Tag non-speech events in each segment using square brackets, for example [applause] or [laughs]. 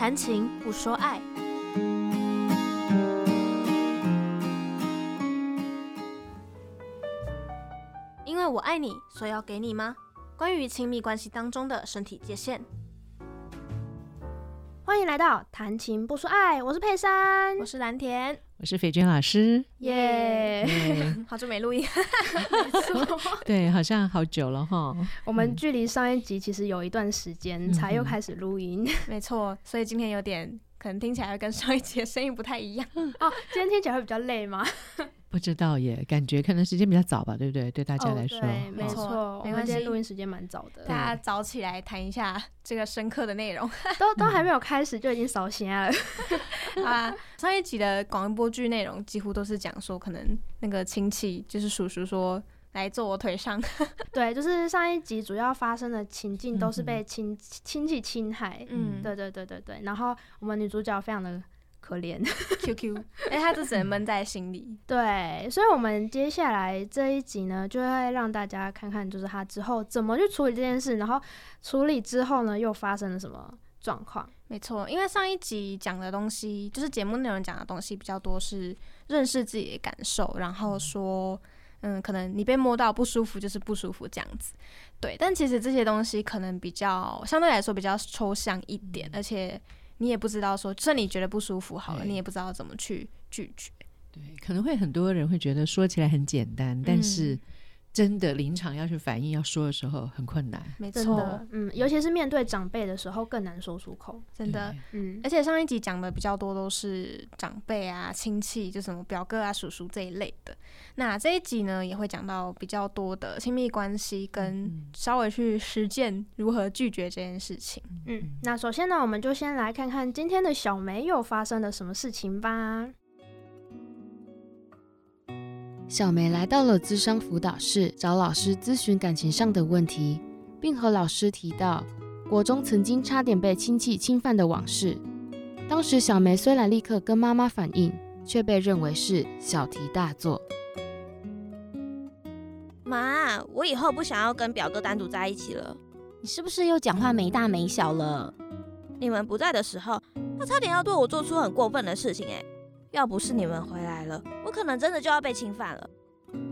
談情不說愛，因為我愛你，所以要給你嗎？關於親密關係當中的身體界線，歡迎來到談情不說愛，我是佩珊，我是藍田。我是斐娟老師，耶 Yeah，Yeah 好久沒錄音， [laughs] 沒錯 [laughs] 對，好像好久了齁。 [laughs] 我們距離上一集其實有一段時間才又開始錄音，嗯嗯 [laughs] 沒錯，所以今天有點可能聽起來會跟上一集的聲音不太一樣 [laughs] 哦。今天聽起來會比較累嗎？不知道耶，感覺可能時間比較早吧，對不對？對大家來說，哦、對，沒錯，哦、沒錯，沒關係。錄音時間蠻早的，對大家早起來談一下這個深刻的內容，都呵呵都還沒有開始就已經掃興了。 [laughs] [laughs] 啊，上一集的廣播劇內容幾乎都是講說，可能那個親戚就是叔叔說來坐我腿上。對，就是上一集主要發生的情境都是被親、嗯、哼親戚侵害。嗯，嗯對，對對對對對。然後我們女主角非常的。可憐 [laughs] ，Q Q，哎，他就只能悶在心裡。 [laughs] 對，所以，我們接下來這一集呢，就會讓大家看看，就是他之後怎麼去處理這件事，然後處理之後呢，又發生了什麼狀況？沒錯，因為上一集講的東西，就是節目內容講的東西比較多，是認識自己的感受，然後說，嗯，可能你被摸到不舒服，就是不舒服這樣子。對，但其實這些東西可能比較相對來說比較抽象一點，而且。你也不知道說，就算你覺得不舒服好了，對你也不知道怎麼去拒絕。對，可能會很多人會覺得說起來很簡單。嗯、但是。真的臨場要去反應、要說的時候很困難，沒錯錯，嗯，尤其是面對長輩的時候更難說出口，真的，對嗯。而且上一集講的比較多都是長輩啊、親戚，就什麼表哥啊、叔叔這一類的。那這一集呢，也會講到比較多的親密關係，跟稍微去實踐如何拒絕這件事情。嗯，那首先呢，我們就先來看看今天的小梅又發生了什麼事情吧。小梅來到了諮商輔導室，找老師諮詢感情上的問題，並和老師提到國中曾經差點被親戚侵犯的往事。當時小梅雖然立刻跟媽媽反應，卻被認為是小題大做。媽，我以後不想要跟表哥單獨在一起了。你是不是又講話沒大沒小了？你們不在的時候，他差點要對我做出很過分的事情欸，要不是你們回來。我可能真的就要被侵犯了。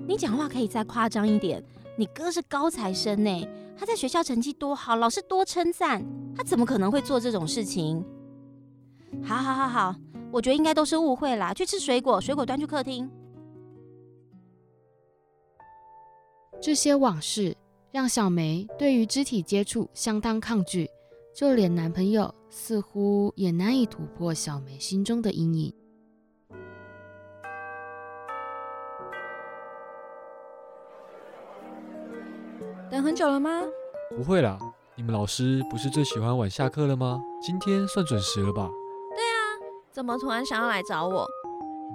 你講話可以再誇張一點。你哥是高材生呢，他在學校成績多好，老師多稱讚，他怎麼可能會做這種事情？好好好好，我覺得應該都是誤會啦。去吃水果，水果端去客廳。這些往事讓小梅對於肢體接觸相當抗拒，就連男朋友似乎也難以突破小梅心中的陰影。等很久了嗎？不會啦，你們老師不是最喜歡晚下課了嗎？今天算準時了吧？對啊，怎麼突然想要來找我？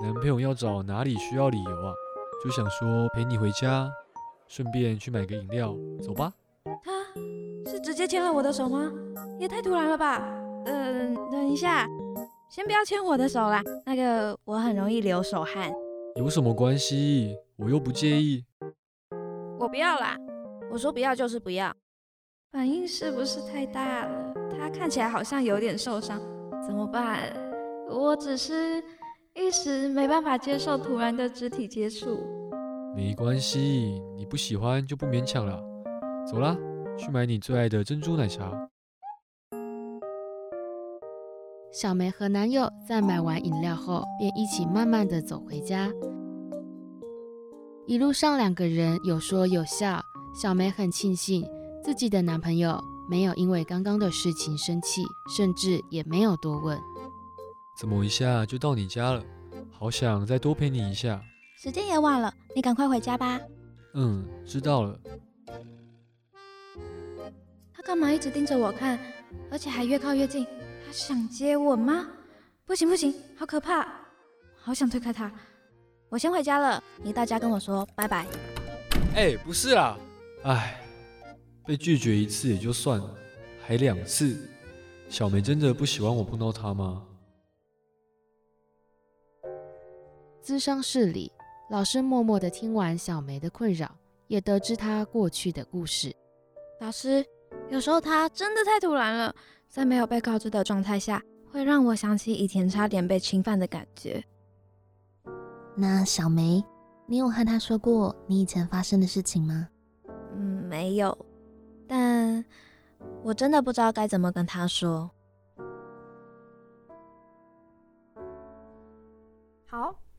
男朋友要找哪里需要理由啊？就想說陪你回家，順便去買個飲料，走吧。他是直接牽了我的手嗎？也太突然了吧？嗯、呃，等一下，先不要牽我的手啦，那個我很容易流手汗。有什麼關係？我又不介意。我不要啦。我說不要就是不要，反應是不是太大了？他看起來好像有點受傷，怎麼辦？我只是一時沒辦法接受突然的肢體接觸。沒關係，你不喜歡就不勉強了。走啦，去買你最愛的珍珠奶茶。小梅和男友在買完飲料後，便一起慢慢地走回家。一路上，兩個人有說有笑。小梅很慶幸自己的男朋友沒有因為剛剛的事情生氣，甚至也沒有多問。怎麼一下就到你家了？好想再多陪你一下。時間也晚了，你趕快回家吧。嗯，知道了。他幹嘛一直盯着我看？而且還越靠越近。他想接吻嗎？不行不行，好可怕！好想推開他。我先回家了，你到家跟我說拜拜。哎、欸，不是啊。唉，被拒絕一次也就算，還兩次，小梅真的不喜歡我碰到她嗎？諮商室裡，老師默默的聽完小梅的困擾，也得知她過去的故事。老師，有時候她真的太突然了，在沒有被告知的狀態下，會讓我想起以前差點被侵犯的感覺。那小梅，你有和她說過你以前發生的事情嗎？嗯，沒有，但我真的不知道該怎麼跟他說。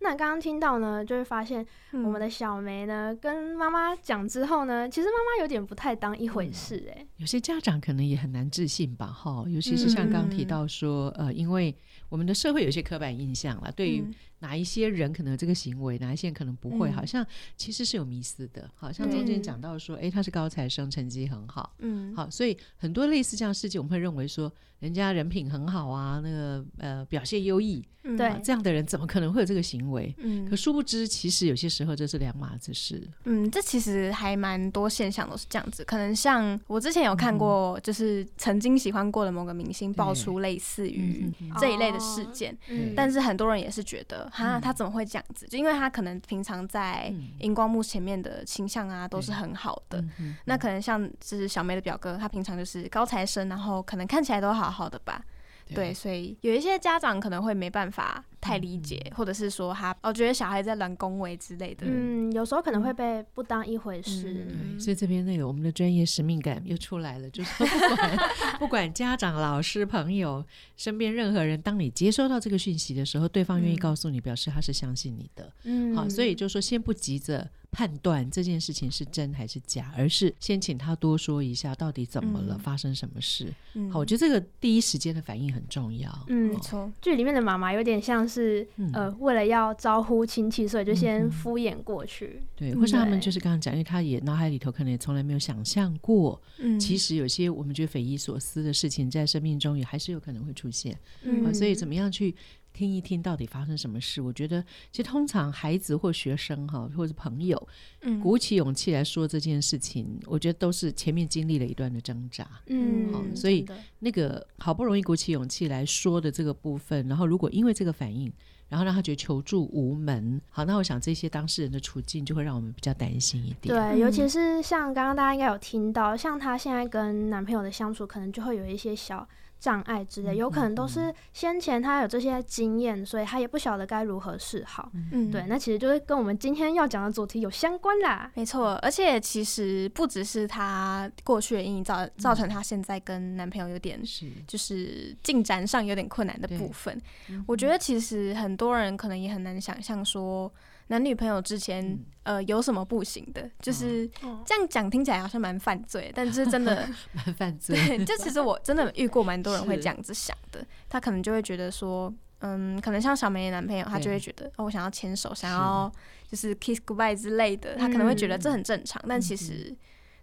那剛剛聽到呢，就會發現我們的小梅呢，嗯、跟媽媽講之後呢，其實媽媽有點不太當一回事哎、欸。有些家長可能也很難置信吧，哈、哦，尤其是像剛剛提到說，嗯、呃，因為我們的社會有些刻板印象了，嗯、對於哪一些人可能這個行為，哪一些人可能不會，嗯、好像其實是有迷思的。好像中間講到說，哎、嗯，他是高材生，成績很好，嗯，好，所以很多類似這樣事情，我們會認為說。人家人品很好啊，那個呃表現優異，對、嗯啊，這樣的人怎麼可能會有這個行為？嗯，可殊不知，其實有些時候這是兩碼子事。嗯，這其實還蠻多現象都是這樣子。可能像我之前有看過，就是曾經喜歡過的某個明星爆出類似於這一類的事件，嗯嗯、但是很多人也是覺得哈、嗯，他怎麼會這樣子？就因為他可能平常在熒光幕前面的傾向啊都是很好的。嗯嗯、那可能像就是小梅的表哥，他平常就是高材生，然後可能看起來都好。好的吧，對，對所以有一些家長可能會沒辦法太理解，嗯、或者是說他，我、哦、覺得小孩在亂恭維之類的，嗯，有時候可能會被不當一回事，對、嗯嗯，所以這邊那個我們的專業使命感又出來了，就是不, [laughs] 不管家長、老師、朋友、身邊任何人，當你接收到這個訊息的時候，對方願意告訴你，表示他是相信你的，嗯，好，所以就說先不急着。判斷這件事情是真還是假，而是先請他多說一下到底怎麼了，嗯、發生什麼事。嗯、好，我覺得這個第一時間的反應很重要。嗯，沒錯劇、哦、錯裡面的媽媽有點像是、嗯、呃，為了要招呼親戚，所以就先敷衍過去。嗯、哼對，對或是他們就是剛剛講，因為他也腦海裡頭可能也從來沒有想象過，嗯、其實有些我們覺得匪夷所思的事情，在生命中也還是有可能會出現。嗯，所以怎麼樣去？聽一聽到底發生什麼事？我覺得，其實通常孩子或學生哈，或者朋友，嗯，鼓起勇氣來說這件事情，我覺得都是前面經歷了一段的掙扎，嗯，好，所以那個好不容易鼓起勇氣來說的這個部分，然後如果因為這個反應，然後讓他覺得求助無門，好，那我想這些當事人的處境就會讓我們比較擔心一點。對，尤其是像剛剛大家應該有聽到，像她現在跟男朋友的相處，可能就會有一些小。障礙之類，有可能都是先前他有這些經驗，所以他也不曉得該如何是好。嗯，對，那其實就是跟我們今天要講的主題有相關啦。沒錯，而且其實不只是他過去的陰影造造成他現在跟男朋友有點，就是進展上有點困難的部分。嗯，我覺得其實很多人可能也很難想象說男女朋友之前，嗯、呃，有什麼不行的？就是這樣講聽起來好像蠻犯罪，哦、但是真的蠻犯罪。對，就其實我真的遇過蠻多人會這樣子想的，是他可能就會覺得說，嗯，可能像小梅的男朋友，他就會覺得對、哦、我想要牽手，想要就是 kiss goodbye 之類的，是他可能會覺得這很正常，嗯、但其實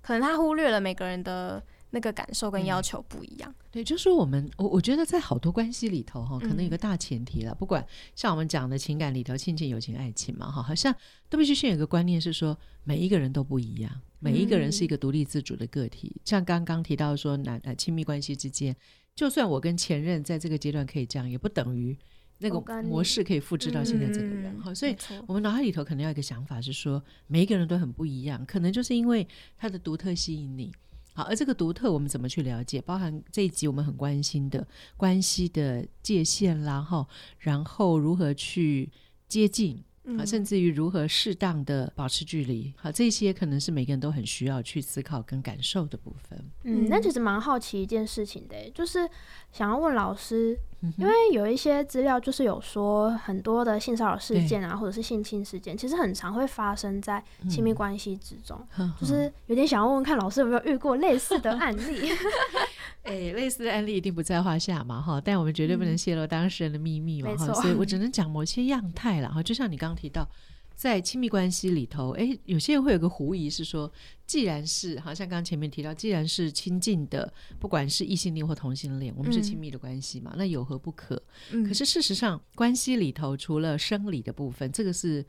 可能他忽略了每個人的。那個感受跟要求不一樣，嗯、對，就是我們我我覺得在好多關係裡頭哈，可能有個大前提了，嗯、不管像我們講的情感裡頭、親情、友情、愛情嘛哈，好像都必須先有個觀念是說，每一個人都不一樣，每一個人是一個獨立自主的個體。嗯、像剛剛提到說，男呃親密關係之間，就算我跟前任在這個階段可以這樣，也不等於那個模式可以複製到現在這個人哈。嗯、所以我們腦海裡頭可能要有一個想法是說，每一個人都很不一樣，可能就是因為他的獨特吸引你。好，而這個獨特，我們怎麼去了解？包含這一集我們很關心的關係的界線啦，哈，然後如何去接近。啊，甚至於如何適當的保持距離，好，這些可能是每個人都很需要去思考跟感受的部分。嗯，那其實蠻好奇一件事情的，欸，就是想要問老師，嗯、哼因為有一些資料就是有說，很多的性騷擾事件啊，對或者是性侵事件，其實很常會發生在親密關係之中，嗯，就是有點想要問問看老師有沒有遇過類似的案例。呵呵 [laughs] 誒、欸，類似的案例一定不在話下嘛，哈，但我們絕對不能洩露當事人的秘密嘛、嗯，哈，所以我只能講某些樣態啦，哈，就像你剛剛提到，在親密關係裡頭，誒、欸，有些人會有個狐疑是說，既然是，好像剛剛前面提到，既然是親近的，不管是異性戀或同性戀，我們是親密的關係嘛，嗯、那有何不可？嗯、可是事實上，關係裡頭除了生理的部分，這個是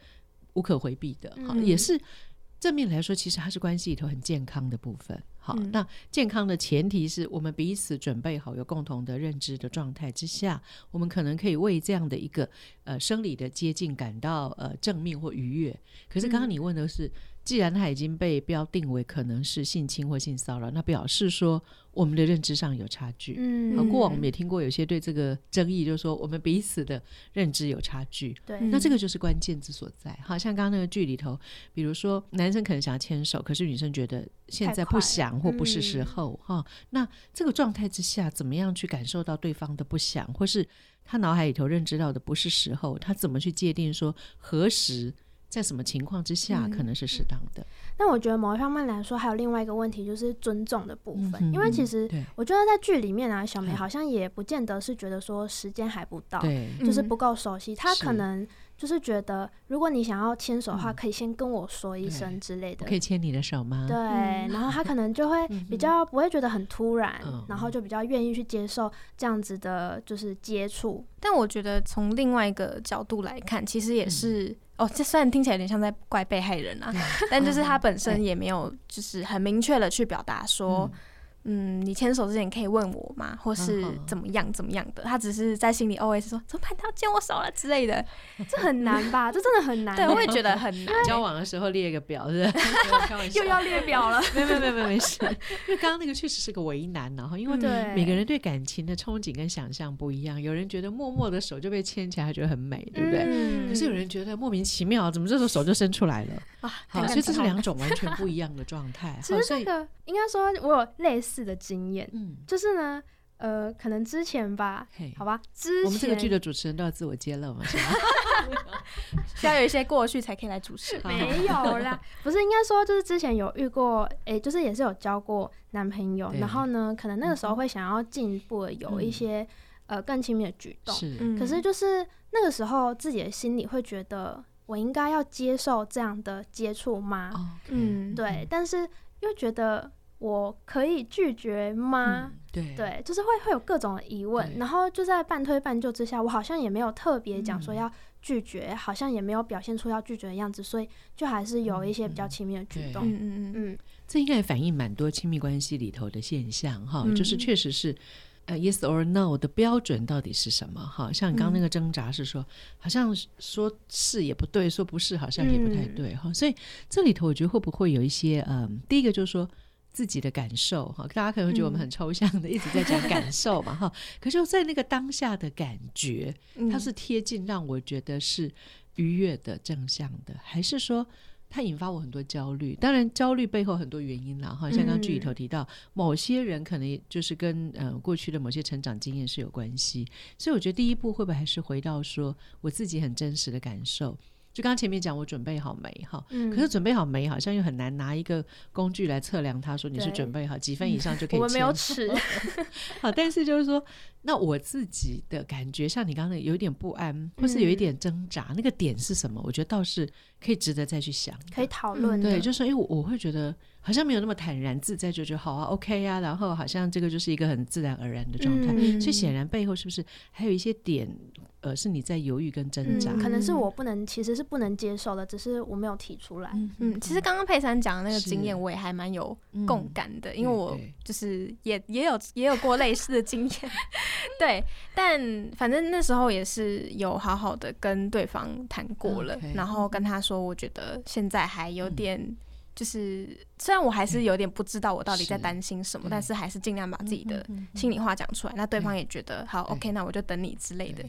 無可回避的，哈、嗯，也是正面來說，其實它是關係裡頭很健康的部分。好，那健康的前提是我們彼此準備好有共同的認知的狀態之下，我們可能可以為這樣的一個呃生理的接近感到呃正面或愉悅。可是剛剛你問的是。嗯既然他已經被標定為可能是性侵或性騷擾，那表示說我們的認知上有差距。嗯，而過往我們也聽過有些對這個爭議，就是說我們彼此的認知有差距。對，那這個就是關鍵之所在。好像剛剛那個劇裡頭，比如說男生可能想要牽手，可是女生覺得現在不想或不是時候哈、嗯啊。那這個狀態之下，怎麼樣去感受到對方的不想，或是他腦海裡頭認知到的不是時候？他怎麼去界定說何時？在什麼情況之下、嗯、可能是適當的、嗯？那我覺得某一方面來說，還有另外一個問題就是尊重的部分，嗯、哼因為其實我覺得在劇裡面啊，對小梅好像也不見得是覺得說時間還不到，對，就是不夠熟悉，嗯、她可能。就是覺得，如果你想要牽手的話，嗯、可以先跟我說一聲之類的。可以牽你的手嗎？對，然後他可能就會比較不會覺得很突然， [laughs] 嗯、哼然後就比較願意去接受這樣子的，就是接觸。但我覺得從另外一個角度來看，其實也是、嗯、哦，這雖然聽起來有點像在怪被害人啊，嗯、但就是他本身也沒有就是很明確的去表達說。嗯嗯嗯，你牽手之前可以問我嗎？或是怎麼樣怎麼樣的？他只是在心裡 OS 說怎麼辦，他牽我手了之類的，這很難吧？這真的很難。對，我也覺得很難。交往的時候列一個表，是吧？又要列表了。沒有沒沒沒事，因為剛剛那個確實是個為難，然後因為每個人對感情的憧憬跟想象不一樣，有人覺得默默的手就被牽起來，覺得很美，對不對？可是有人覺得莫名其妙，怎麼這時候手就伸出來了啊？好，所以這是兩種完全不一樣的狀態。其實這個應該說我有類似。是的經驗，嗯，就是呢，呃，可能之前吧，好吧，之前我們這個劇的主持人都要自我揭露嘛？需要有一些過去才可以來主持？沒有啦，不是應該說就是之前有遇過，哎，就是也是有交過男朋友，然後呢，可能那個時候會想要進一步的有一些呃更親密的舉動，可是就是那個時候自己的心裡會覺得，我應該要接受這樣的接觸嗎？嗯，對，但是又覺得。我可以拒絕嗎？對、嗯、對，對就是會會有各種的疑問，對然後就在半推半就之下，我好像也沒有特別講說要拒絕，嗯、好像也沒有表現出要拒絕的樣子，所以就還是有一些比較親密的舉動。嗯嗯嗯，嗯嗯這應該也反映蠻多親密關係裡頭的現象哈，嗯嗯、就是確實是，呃，yes or no 的標準到底是什麼哈？像你剛剛那個掙扎是說，好像說是也不對，說不是好像也不太對哈，嗯、所以這裡頭我覺得會不會有一些嗯，第一個就是說。自己的感受哈，大家可能會覺得我們很抽象的，嗯、一直在講感受嘛哈。 [laughs] 可是在那個當下的感覺，它是貼近讓我覺得是愉悅的、正向的，還是說它引發我很多焦慮？當然，焦慮背後很多原因了哈。像剛剛劇裡頭提到，嗯、某些人可能就是跟呃過去的某些成長經驗是有關係。所以我覺得第一步會不會還是回到說我自己很真實的感受？就剛前面講，我準備好沒哈？嗯、可是準備好沒，好像又很難拿一個工具來測量。他、嗯、說你是準備好幾分以上就可以、嗯。我沒有尺。 [laughs] 好，但是就是說，那我自己的感覺，像你剛剛有一點不安，嗯、或是有一點掙扎，那個點是什麼？我覺得倒是可以值得再去想，可以討論、嗯。對，就是因為我會覺得。好像沒有那麼坦然自在就就好啊，OK 啊，然後好像這個就是一個很自然而然的狀態，嗯、所以顯然背後是不是還有一些點，呃，是你在猶豫跟掙扎、嗯？可能是我不能，嗯、其實是不能接受的，只是我沒有提出來。嗯，其實剛剛佩珊講的那個經驗，我也還蠻有共感的，嗯、因為我就是也對對對也有也有過類似的經驗， [laughs] [laughs] 對，但反正那時候也是有好好的跟對方談過了，嗯、然後跟他說，我覺得現在還有點。就是，雖然我還是有點不知道我到底在擔心什麼，但是還是盡量把自己的心裡話講出來。那對方也覺得好，OK，那我就等你之類的。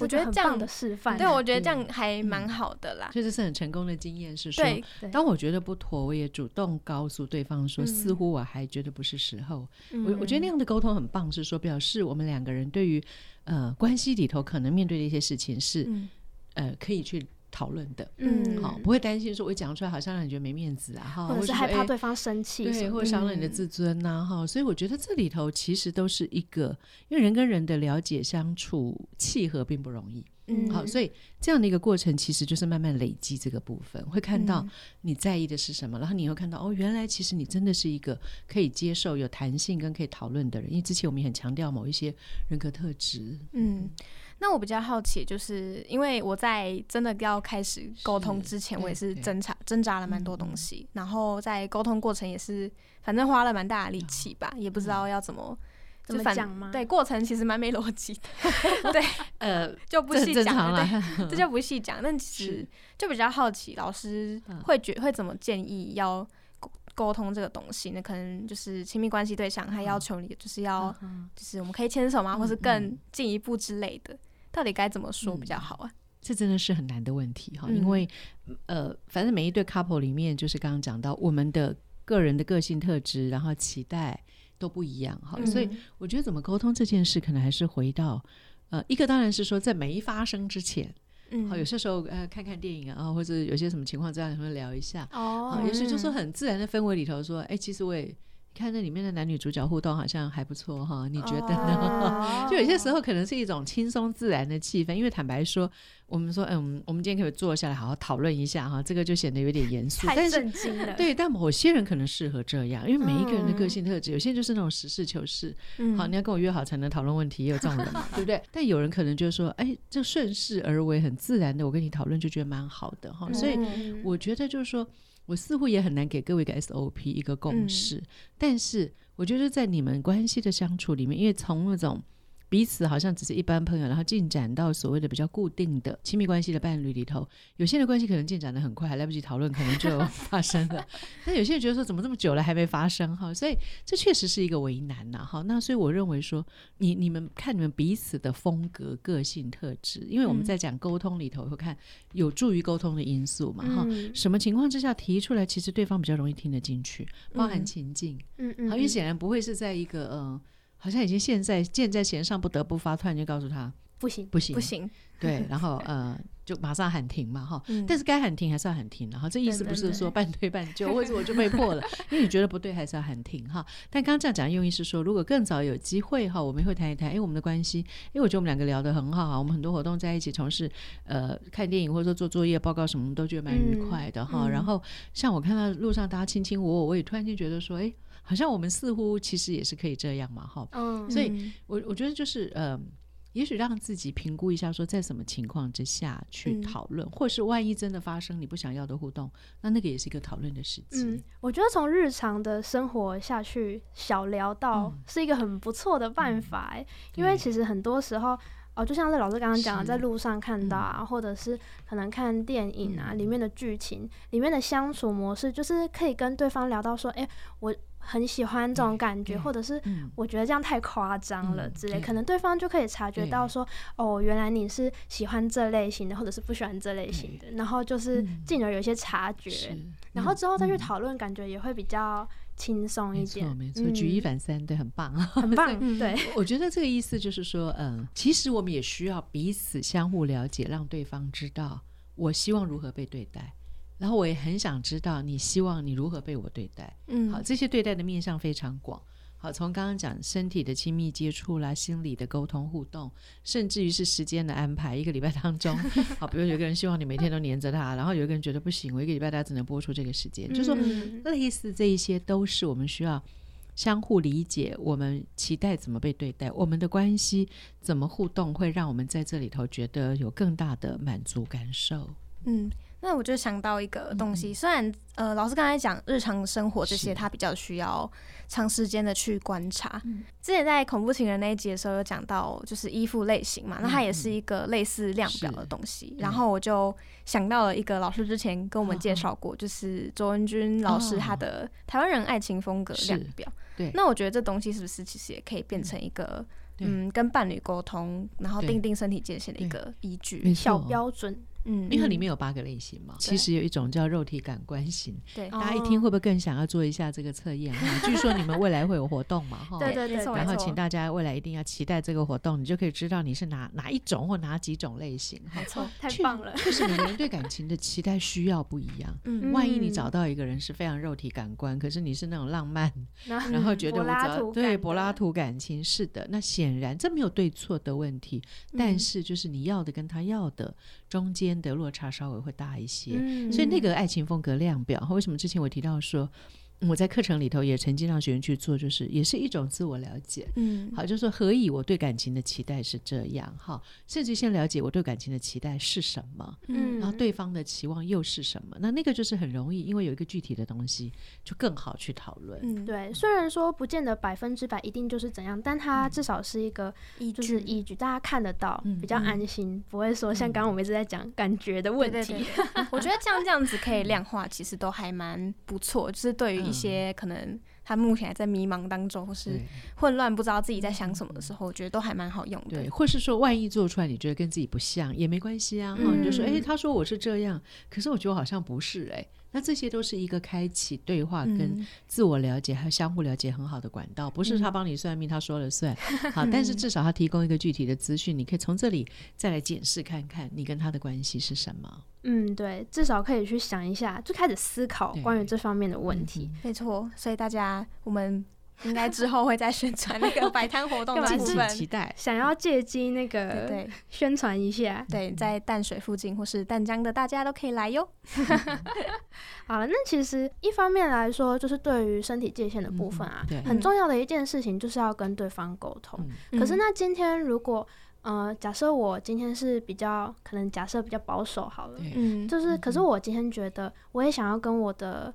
我覺得這樣的示範，對我覺得這樣還蠻好的啦。這就是很成功的經驗，是說，當我覺得不妥，我也主動告訴對方說，似乎我還覺得不是時候。我我覺得那樣的溝通很棒，是說表示我們兩個人對於呃關係裡頭可能面對的一些事情是呃可以去。討論的，嗯，好、哦，不會擔心說我講出來好像讓你覺得沒面子啊，哈，或者是害怕對方生氣，哎、對，或傷了你的自尊吶、啊，哈、嗯，所以我覺得這裡頭其實都是一個，因為人跟人的了解、相處、契合並不容易，嗯，好、哦，所以這樣的一個過程其實就是慢慢累積這個部分，會看到你在意的是什麼，嗯、然後你會看到哦，原來其實你真的是一個可以接受、有彈性跟可以討論的人，因為之前我們也很強調某一些人格特質，嗯。那我比較好奇，就是因為我在真的要開始溝通之前，我也是掙扎掙扎了蠻多東西，然後在溝通過程也是，反正花了蠻大的力氣吧，也不知道要怎麼怎麼講對，過程其實蠻沒邏輯的，是 [laughs] 對，呃，就不細講了，這就不細講。那其實就比較好奇，老師會覺得會怎麼建議要溝溝通這個東西？那可能就是親密關係對象，他要求你就是要，就是我們可以牽手嗎？或是更進一步之類的。到底該怎麼說比較好啊？嗯、這真的是很難的問題哈，嗯、因為呃，反正每一對 couple 裡面，就是剛剛講到，我們的個人的個性特質，然後期待都不一樣哈，嗯、所以我覺得怎麼溝通這件事，可能還是回到呃，一個當然是說在沒發生之前，嗯，好、哦、有些時候呃看看電影啊，或者有些什麼情況這樣會聊一下哦，也許、哦嗯、就是很自然的氛圍裡頭說，哎，其實我也。看那裡面的男女主角互動好像還不錯哈，你覺得呢？哦、 [laughs] 就有些時候可能是一種輕鬆自然的氣氛，因為坦白說，我們說嗯，我們今天可以坐下來好好討論一下哈，這個就顯得有點嚴肅。但是，太震驚了。對，但某些人可能適合這樣，因為每一個人的個性特質，嗯、有些人就是那種實事求是。嗯。好，你要跟我約好才能討論問題，也有這種人，對不對？但有人可能就是說，哎、欸，就順勢而為，很自然的，我跟你討論就覺得蠻好的哈。嗯、所以我覺得就是說。我似乎也很難給各位一個 SOP 一個共識，嗯，但是我覺得在你們關係的相處裡面，因為從那種。彼此好像只是一般朋友，然後進展到所謂的比較固定的親密關係的伴侶裡頭。有些人關係可能進展得很快，來不及討論，可能就發生了。 [laughs] 但有些人覺得說，怎麼這麼久了還沒發生哈？所以這確實是一個為難吶、啊、哈。那所以我認為說，你你們看你們彼此的風格、個性特質，因為我們在講溝通裡頭會、嗯、看有助於溝通的因素嘛、嗯、哈。什麼情況之下提出來，其實對方比較容易聽得進去，包含情境，嗯嗯，因為顯然不會是在一個嗯。呃好像已經現在箭在弦上不得不發，突然就告訴他不行不行不行。對，然後呃就馬上喊停嘛哈，嗯、但是該喊停還是要喊停的，然後這意思不是說半推半就，或者我，我就被迫了？ [laughs] 因為你覺得不對，還是要喊停哈。但剛剛這樣講，用意是說，如果更早有機會哈，我們會談一談。哎、欸，我們的關係，因、欸、為我覺得我們兩個聊得很好，我們很多活動在一起，從事呃看電影或者說做作業報告什麼都覺得蠻愉快的哈。嗯、吼然後像我看到路上大家卿卿我我，我也突然間覺得說，哎、欸。好像我們似乎其實也是可以這樣嘛，哈。嗯，所以我，我我覺得就是，嗯、呃，也許讓自己評估一下，說在什麼情況之下去討論，嗯、或是萬一真的發生你不想要的互動，那那個也是一個討論的時機。嗯，我覺得從日常的生活下去小聊到是一個很不錯的辦法、欸，嗯、因為其實很多時候。哦，就像是老師剛剛講的，在路上看到啊，或者是可能看電影啊，裡面的劇情、裡面的相處模式，就是可以跟對方聊到說，欸，我很喜歡這種感覺，或者是我覺得這樣太誇張了之類，可能對方就可以察覺到說，哦，原來你是喜歡這類型的，或者是不喜歡這類型的，然後就是進而有些察覺，然後之後再去討論，感覺也會比較，輕鬆一點，沒錯，舉一反三，嗯、對，很棒，啊，很棒， [laughs] 對。嗯、對。我覺得這個意思就是說，嗯，其實我們也需要彼此相互了解，讓對方知道我希望如何被對待，嗯、然後我也很想知道你希望你如何被我對待。嗯，好，這些對待的面向非常廣。好，從剛剛講身體的親密接觸啦，心理的溝通互動，甚至於是時間的安排，一個禮拜當中，好，比如有個人希望你每天都黏着他， [laughs] 然後有一個人覺得不行，我一個禮拜大家只能播出這個時間，嗯、就說類似這一些都是我們需要相互理解，我們期待怎麼被對待，我們的關係怎麼互動，會讓我們在這裡頭覺得有更大的滿足感受，嗯。那我就想到一個東西，嗯、雖然呃老師剛才講日常生活這些，他比較需要長時間的去觀察。嗯、之前在恐怖情人那一集的時候，有講到就是依附類型嘛，嗯、那它也是一個類似量表的東西。嗯、然後我就想到了一個老師之前跟我們介紹過，是就是卓紋君老師他的台灣人愛情風格量表。哦、對，那我覺得這東西是不是其實也可以變成一個對嗯，跟伴侶溝通，然後定定身體界限的一個依據小、哦、標準。嗯，因為裡面有八個類型嘛，其實有一種叫肉體感官型，對，大家一聽會不會更想要做一下這個測驗？據說你們未來會有活動嘛，哈，對對對，然後請大家未來一定要期待這個活動，你就可以知道你是哪哪一種或哪幾種類型。沒錯，太棒了，就是你們對感情的期待需要不一樣。嗯，萬一你找到一個人是非常肉體感官，可是你是那種浪漫，然後覺得我只要對柏拉圖感情，是的，那顯然這沒有對錯的問題，但是就是你要的跟他要的中間。的落差稍微會，大一些，嗯、所以那個愛情風格量表，為什麼之前我提到說，我在課程裡頭也曾經讓學生去做，就是也是一種自我了解。嗯，好，就是說何以我對感情的期待是這樣哈，甚至先了解我對感情的期待是什麼，嗯，然後對方的期望又是什麼，那那個就是很容易，因為有一個具體的東西，就更好去討論。嗯，對，雖然說不見得百分之百一定就是怎樣，但它至少是一個是依據，依據大家看得到，比較安心，嗯，不會說像剛剛我們一直在講感覺的問題。對對對，我覺得這樣這樣子可以量化，其實都還蠻不錯，就是對於。一些，嗯、可能他目前還在迷茫當中，或是混亂，不知道自己在想什麼的時候，我覺得都還蠻好用的。對，或是說，萬一做出來你覺得跟自己不像也沒關係啊。嗯哦，你就說，哎、欸，他說我是這樣，可是我覺得好像不是。欸，哎。那這些都是一個開啟對話、跟自我了解還有相互了解很好的管道，嗯、不是他幫你算命，他說了算。嗯、好，但是至少他提供一個具體的資訊，嗯、你可以從這裡再來檢視看看你跟他的關係是什麼。嗯，對，至少可以去想一下，就開始思考關於這方面的問題。嗯、沒錯，所以大家我們。 [laughs] 應該之後會再宣傳那個擺攤活動的部分，想要借機那個宣傳一下， [laughs] 嗯、對，在淡水附近或是淡江的大家都可以來喲。 [laughs] [laughs] 好了，那其實一方面來說，就是對於身體界線的部分啊，嗯嗯很重要的一件事情就是要跟對方溝通。嗯、可是那今天如果呃，假設我今天是比較可能假設比較保守好了，嗯對，就是可是我今天覺得我也想要跟我的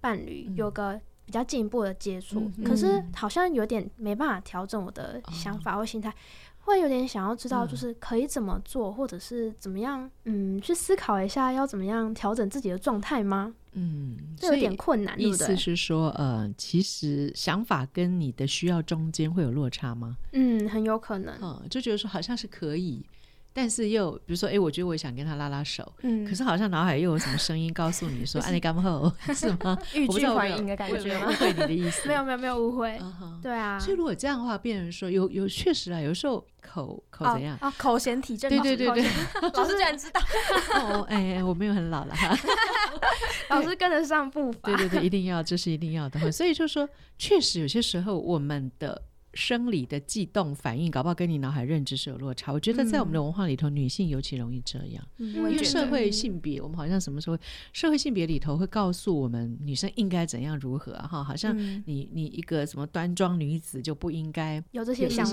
伴侶有個。比較進一步的接觸，嗯、哼可是好像有點沒辦法調整我的想法或心態，哦、會有點想要知道就是可以怎麼做，嗯、或者是怎麼樣，嗯，去思考一下要怎麼樣調整自己的狀態嗎？嗯，這有點困難，意思是說，對不對？呃，其實想法跟你的需要中間會有落差嗎？嗯，很有可能，嗯、呃，就覺得說好像是可以。但是又比如說，哎，我覺得我也想跟他拉拉手，可是好像腦海又有什麼聲音告訴你說，哎，你幹嘛？是嗎？欲拒還迎的感覺嗎？沒有沒有沒有，誤會，對啊。所以如果這樣的話，變成說有有確實啊，有時候口口怎樣？啊，口嫌體正。對對對對，老師居然知道。哦，哎，我沒有很老了哈。老師跟得上步伐。對對對，一定要，這是一定要的。所以就說，確實有些時候我們的。生理的悸動反應，搞不好跟你腦海認知是有落差。我覺得在我們的文化裡頭，嗯、女性尤其容易這樣，嗯、因為社會性別，嗯、我們好像什麼時候社會性別裡頭會告訴我們，女生應該怎樣如何哈？好像你、嗯、你一個什麼端莊女子就不應該有這些想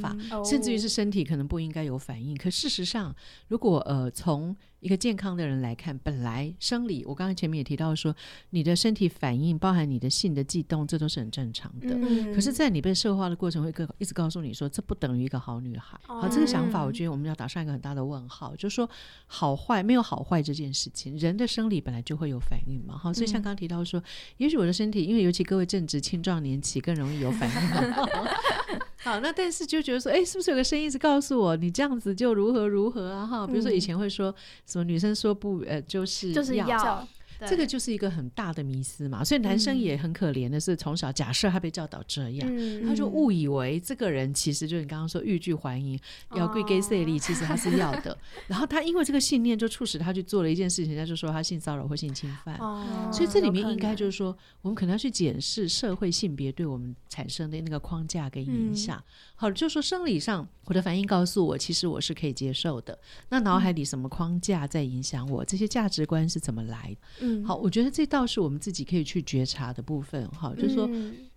法，甚至於是身體可能不應該有反應。可事實上，如果呃從一個健康的人來看，本來生理，我剛剛前面也提到說，你的身體反應包含你的性的悸動，這都是很正常的。嗯嗯，可是，在你被社會化的過程，會更一直告訴你說，這不等於一個好女孩。嗯、好，這個想法，我覺得我們要打上一個很大的問號，就說好壞沒有好壞這件事情。人的生理本來就會有反應嘛。好，所以像剛提到說，嗯、也許我的身體，因為尤其各位正值青壯年期，更容易有反應好不好？ [laughs] 好，那但是就覺得說，哎、欸，是不是有個聲音一直告訴我，你這樣子就如何如何啊？哈，比如說以前會說、嗯、什麼女生說不，呃，就是就是要。這個就是一個很大的迷思嘛，所以男生也很可憐的是，從小假設他被教導這樣，嗯、他就誤以為這個人其實就是你剛剛說欲拒還迎要貴給色利，其實他是要的。 [laughs] 然後他因為這個信念就促使他去做了一件事情，他就說他性騷擾或性侵犯。哦、所以這裡面應該就是說，我們可能要去檢視社會性別對我們產生的那個框架跟影響。嗯、好，就說生理上我的反應告訴我，其實我是可以接受的。那腦海裡什麼框架在影響我？嗯、這些價值觀是怎麼來的？好，我覺得這倒是我們自己可以去覺察的部分，哈，就是說，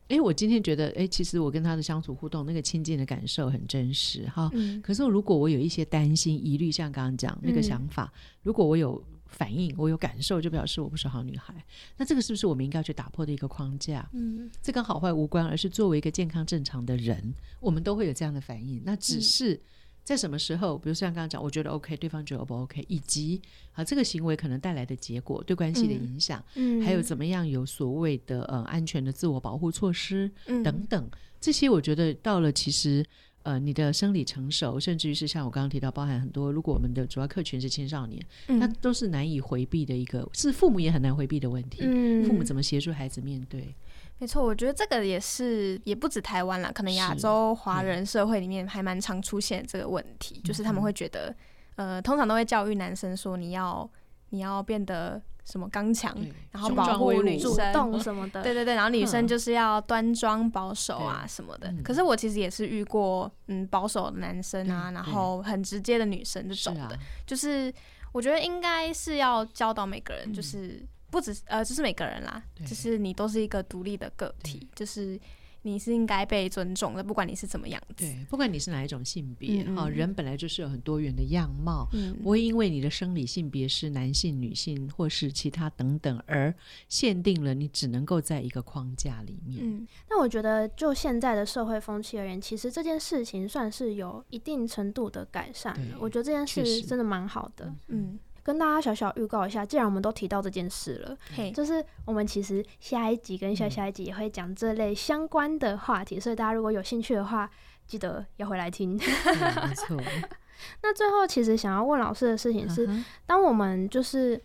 哎、嗯，我今天覺得，哎，其實我跟他的相處互動，那個親近的感受很真實，哈。嗯、可是，如果我有一些擔心、疑慮，像剛剛講那個想法，嗯、如果我有反應，我有感受，就表示我不是好女孩，那這個是不是我們應該要去打破的一個框架？嗯，這跟好壞無關，而是作為一個健康正常的人，我們都會有這樣的反應，那只是。在什麼時候，比如像剛剛講，我覺得 OK，對方覺得不 OK，以及啊，這個行為可能帶來的結果對關係的影響，嗯，嗯還有怎麼樣有所謂的呃安全的自我保護措施，嗯，等等，嗯、這些我覺得到了其實呃你的生理成熟，甚至於是像我剛剛提到，包含很多，如果我們的主要客群是青少年，那、嗯、都是難以迴避的一個，是父母也很難迴避的問題，嗯、父母怎麼協助孩子面對？沒錯，我覺得這個也是，也不止台灣啦，可能亞洲華人社會裡面還蠻常出現這個問題，是嗯、就是他們會覺得，嗯、哼呃，通常都會教育男生說你要你要變得什麼剛強，對然後保護女生，主動什麼的，嗯、哼對對對，然後女生就是要端莊保守啊什麼的。嗯、哼可是我其實也是遇過，嗯，保守的男生啊，然後很直接的女生這種的，是啊、就是我覺得應該是要教導每個人，嗯、哼就是。不只是呃，就是每個人啦，對就是你都是一個獨立的個體，對就是你是應該被尊重的，不管你是怎麼樣子，對，不管你是哪一種性別，哈、嗯哦，人本來就是有很多元的樣貌，嗯、不會因為你的生理性別是男性、女性或是其他等等而限定了你只能夠在一個框架裡面。嗯，那我覺得就現在的社會風氣而言，其實這件事情算是有一定程度的改善。對我覺得這件事真的蠻好的，實嗯。嗯跟大家小小預告一下，既然我們都提到這件事了，Okay. 就是我們其實下一集跟下下一集也會講這類相關的話題，嗯、所以大家如果有興趣的話，記得要回來聽。沒錯。那最後其實想要問老師的事情是，Uh-huh. 當我們就是，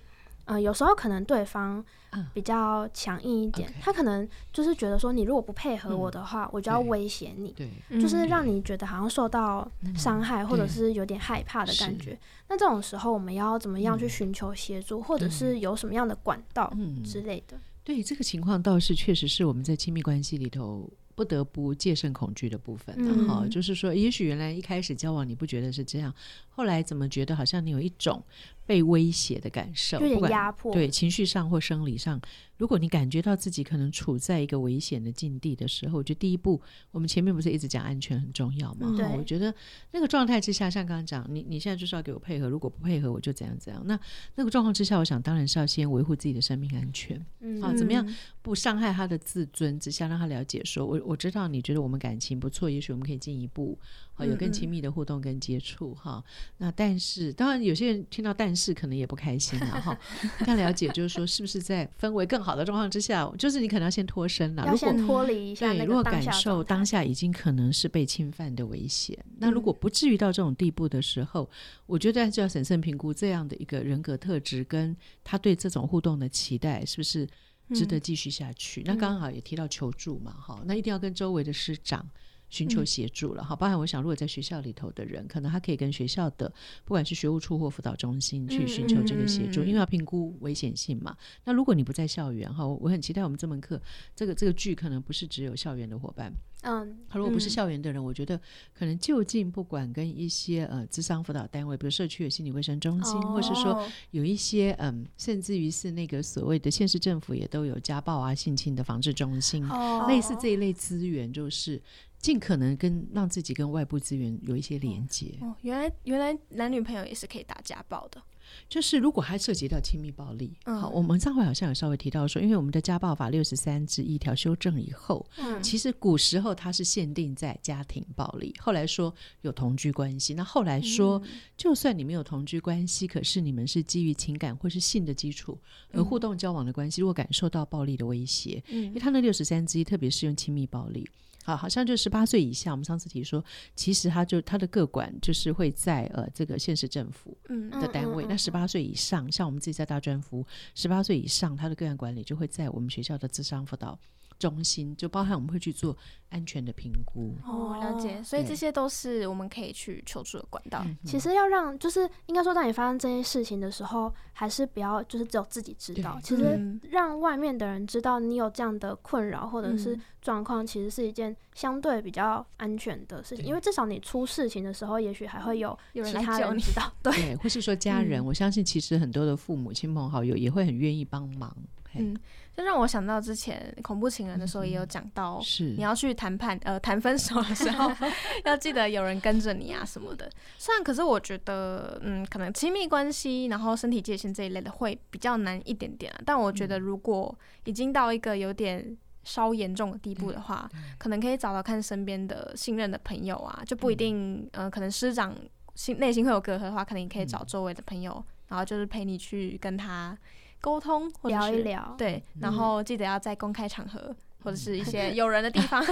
呃，有時候可能對方。嗯、比較強硬一點，Okay, 他可能就是覺得說，你如果不配合我的話，嗯、我就要威脅你，對，就是讓你覺得好像受到傷害或者是有點害怕的感覺。嗯、那這種時候，我們要怎麼樣去尋求協助，嗯、或者是有什麼樣的管道之類的？對，對，這個情況，倒是確實是我們在親密關係裡頭。不得不戒慎恐懼的部分，哈、嗯，就是說，也許原來一開始交往你不覺得是這樣，後來怎麼覺得好像你有一種被威脅的感受，不管有點壓迫，對，情緒上或生理上。如果你感覺到自己可能處在一個危險的境地的時候，我覺得第一步，我們前面不是一直講安全很重要嘛？嗯。我覺得那個狀態之下，像剛剛講，你你現在就是要給我配合，如果不配合，我就怎樣怎樣。那那個狀況之下，我想當然是要先維護自己的生命安全。嗯。啊，怎麼樣不傷害他的自尊，只想讓他了解說，說我我知道你覺得我們感情不錯，也許我們可以進一步。有更親密的互動跟接觸哈、嗯嗯哦，那但是當然有些人聽到但是可能也不開心了、啊、哈。那、 [laughs] 哦、了解就是說，是不是在氛圍更好的狀況之下， [laughs] 就是你可能要先脫身了、啊。如果脫離一下對，如果感受當下已經可能是被侵犯的危險，嗯、那如果不至於到這種地步的時候，我覺得就要審慎評估這樣的一個人格特質跟他對這種互動的期待，是不是值得繼續下去？嗯、那剛好也提到求助嘛，哈、嗯哦，那一定要跟周圍的師長。尋求協助了哈，包含我想，如果在學校裡頭的人，可能他可以跟學校的，不管是學務處或輔導中心去尋求這個協助，嗯嗯嗯、因為要評估危險性嘛。那如果你不在校園哈，我我很期待我們這門課，這個這個劇可能不是只有校園的夥伴。嗯，他如果不是校園的人，我覺得可能就近不管跟一些呃諮商輔導單位，比如社區的心理衛生中心，哦、或是說有一些嗯，甚至於是那個所謂的縣市政府也都有家暴啊性侵的防治中心，哦、類似這一類資源就是。盡可能跟讓自己跟外部資源有一些連接。哦，哦，原來原來男女朋友也是可以打家暴的，就是如果還涉及到親密暴力。嗯、好，我們上回好像有稍微提到說，因為我們的家暴法六十三之一條修正以後，嗯，其實古時候它是限定在家庭暴力，後來說有同居關係，那後來說、嗯、就算你沒有同居關係，可是你們是基於情感或是性的基礎而互動交往的關係，嗯、如果感受到暴力的威脅，嗯，因為他那六十三之一特別適用親密暴力。啊、哦，好像就十八歲以下，我們上次提說，其實他就他的個管就是會在呃這個縣市政府的單位。嗯嗯嗯、那十八歲以上，嗯嗯嗯、像我們自己在大專服，十八歲以上他的個案管理就會在我們學校的諮商輔導中心，就包含我們會去做安全的評估。哦，了解，所以這些都是我們可以去求助的管道。對其實要讓就是應該說，當你發生這些事情的時候，還是不要就是只有自己知道。對其實讓外面的人知道你有這樣的困擾或者是狀況，其實是一件相對比較安全的事情，對因為至少你出事情的時候，也許還會有有人來救你。對，對，或是說家人，嗯、我相信其實很多的父母親朋好友也會很願意幫忙。嗯。就讓我想到之前恐怖情人的時候，也有講到，嗯、你要去談判，呃，談分手的時候， [laughs] 要記得有人跟着你啊什麼的。雖然可是，我覺得，嗯，可能親密關係，然後身體界線這一類的會比較難一點點啊。但我覺得，如果已經到一個有點稍嚴重的地步的話，嗯、可能可以找找看身邊的信任的朋友啊，就不一定，嗯、呃，可能師長心內心會有隔閡的話，可能也可以找周圍的朋友，嗯、然後就是陪你去跟他溝通聊一聊，對，然後記得要在公開場合或者是一些有人的地方。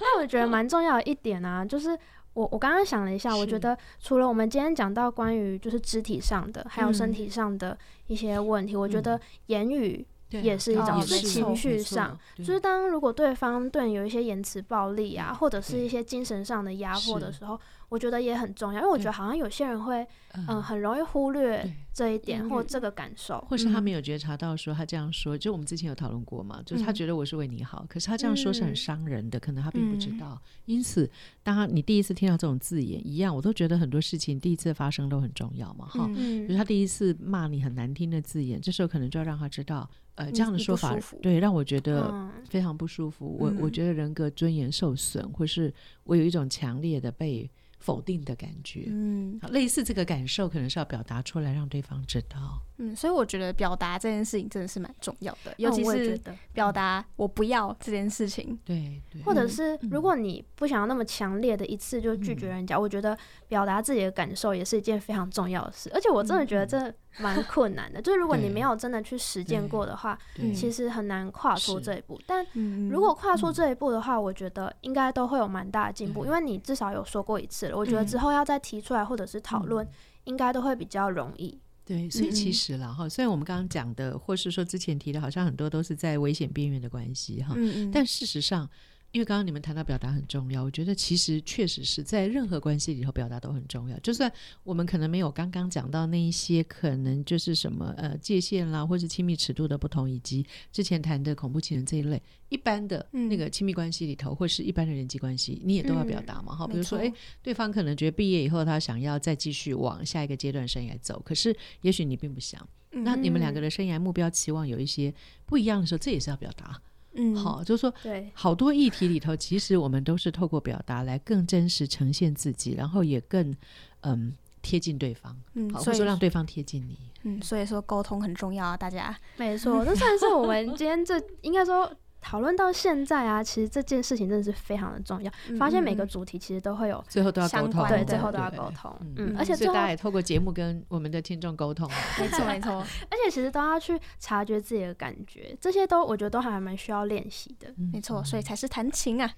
那我覺得蠻重要的一點啊，就是我我剛剛想了一下，我覺得除了我們今天講到關於就是肢體上的，還有身體上的一些問題，我覺得言語也是一種，情緒上，就是當如果對方對你有一些言辭暴力啊，或者是一些精神上的壓迫的時候。我覺得也很重要，因為我覺得好像有些人會，嗯，很容易忽略這一點或這個感受，或是他沒有覺察到，說他這樣說，就我們之前有討論過嘛，就是他覺得我是為你好，可是他這樣說是很傷人的，可能他並不知道。因此，當他你第一次聽到這種字眼一樣，我都覺得很多事情第一次發生都很重要嘛，哈，就是他第一次罵你很難聽的字眼，這時候可能就要讓他知道，呃，這樣的說法對，讓我覺得非常不舒服，我我覺得人格尊嚴受損，或是我有一種強烈的被。否定的感覺，嗯，類似這個感受可能是要表達出來讓對方知道，嗯，所以我覺得表達這件事情真的是蠻重要的，尤其是表達我不要這件事情，對、嗯、對，對，或者是如果你不想要那麼強烈的一次就拒絕人家，嗯，我覺得表達自己的感受也是一件非常重要的事，嗯，而且我真的覺得這。蠻 [laughs] 困難的，就是如果你沒有真的去實踐過的話，其實很難跨出這一步。對但如果跨出這一步的話，嗯、我覺得應該都會有蠻大的進步，對因為你至少有說過一次了。我覺得之後要再提出來或者是討論，嗯、應該都會比較容易。對，所以其實啦，哈、嗯，雖然我們剛剛講的，或是說之前提的，好像很多都是在危險邊緣的關係哈，嗯、但事實上。因為剛剛你們談到表達很重要，我覺得其實確實是在任何關係裡頭表達都很重要。就算我們可能沒有剛剛講到那一些，可能就是什麼呃界限啦，或是親密尺度的不同，以及之前談的恐怖情人這一類，一般的那個親密關係裡頭，嗯、或是一般的人際關係，你也都要表達嘛。嗯、好，比如說，誒、沒錯、哎，對方可能覺得畢業以後他想要再繼續往下一個階段生涯走，可是也許你並不想。嗯、那你們兩個的生涯目標期望有一些不一樣的時候，這也是要表達。嗯、好，就是說，好多議題裡頭，其實我們都是透過表達來更真實呈現自己，然後也更嗯貼近對方。嗯，所以說讓對方貼近你。嗯，所以說溝通很重要啊，大家。沒錯，那算、嗯、是我們今天這應該說。 [laughs] 討論到現在啊，其實這件事情真的是非常的重要。發現每個主題其實都會有最後都要溝通，對，最後都要溝通。嗯，而且最後大家也透過節目跟我們的聽眾溝通。沒錯，沒錯。而且其實都要去察覺自己的感覺，這些都我覺得都還蠻需要練習的。沒錯，所以才是談情啊，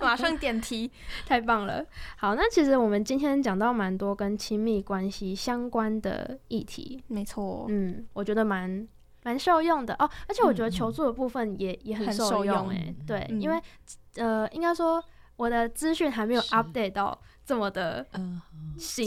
馬上點題，太棒了。好，那其實我們今天講到蠻多跟親密關係相關的議題。沒錯，嗯，我覺得蠻。蠻受用的哦，而且我覺得求助的部分也也很受用哎，對，因為呃，應該說我的資訊還沒有 update 到這麼的新。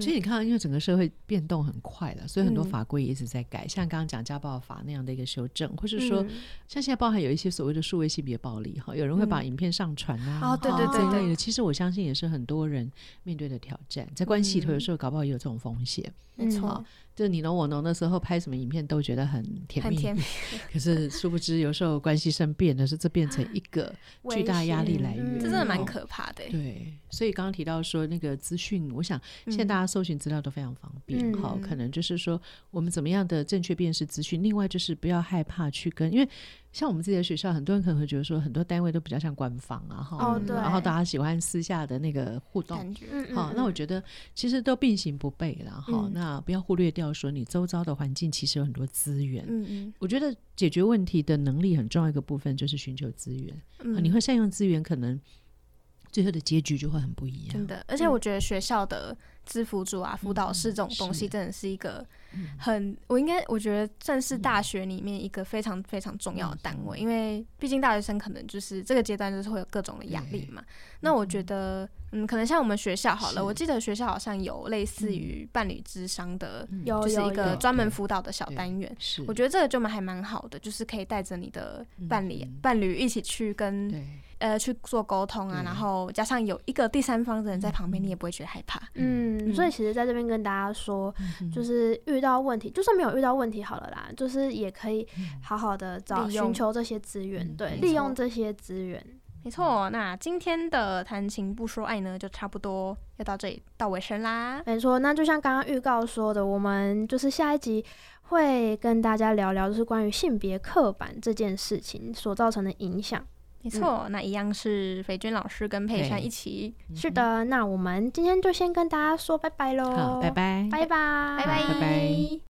其實你看到，因為整個社會變動很快了，所以很多法規也一直在改，像剛剛講家暴法那樣的一個修正，或是說像現在包含有一些所謂的數位性別暴力哈，有人會把影片上傳啊，對對對，其實我相信也是很多人面對的挑戰，在關係裡頭有時候搞不好也有這種風險，嗯。沒錯。就你儂我儂的時候，拍什麼影片，都覺得很甜蜜。很甜蜜。可是殊不知，有時候關係生變的時候， [laughs] 是這變成一個巨大壓力來源。這真的蠻可怕的。嗯、對。所以剛剛提到說那個資訊，嗯、我想現在大家搜尋資料都非常方便，嗯、好，可能就是說我們怎麼樣的正確辨識資訊。另外就是不要害怕去跟，因為。像我們自己的學校，很多人可能會覺得說，很多單位都比較像官方啊，哈、哦，然後大家喜歡私下的那個互動。感覺，那我覺得其實都並行不悖，然後、哦、嗯、那不要忽略掉說，你周遭的環境其實有很多資源。嗯嗯，我覺得解決問題的能力很重要一個部分，就是尋求資源。嗯、你會善用資源，可能。最後的結局就會很不一樣。真的，而且我覺得學校的諮輔組啊、輔導室這種東西，真的是一個很……我應該我覺得算是大學裡面一個非常非常重要的單位，因為畢竟大學生可能就是這個階段就是會有各種的壓力嘛。那我覺得，嗯，可能像我們學校好了，我記得學校好像有類似於伴侶諮商的，就是一個專門輔導的小單元。是，我覺得這個就蠻還蠻好的，就是可以帶着你的伴侶伴侶一起去跟。呃，去做溝通啊，嗯、然後加上有一個第三方的人在旁邊，你也不會覺得害怕。嗯，嗯，所以其實在這邊跟大家說，嗯、哼就是遇到問題，嗯、哼就算沒有遇到問題好了啦，嗯、哼就是也可以好好的找尋用求這些資源，對，嗯、利用這些資源。沒錯，那今天的談情不說愛呢，就差不多要到這裡到尾聲啦。沒錯，那就像剛剛預告說的，我們就是下一集會跟大家聊聊，就是關於性別刻板這件事情所造成的影響。沒錯，嗯、那一樣是肥娟老師跟佩珊一起。嗯、是的，那我們今天就先跟大家說拜拜嘍！好，拜拜，拜拜，拜拜，拜拜。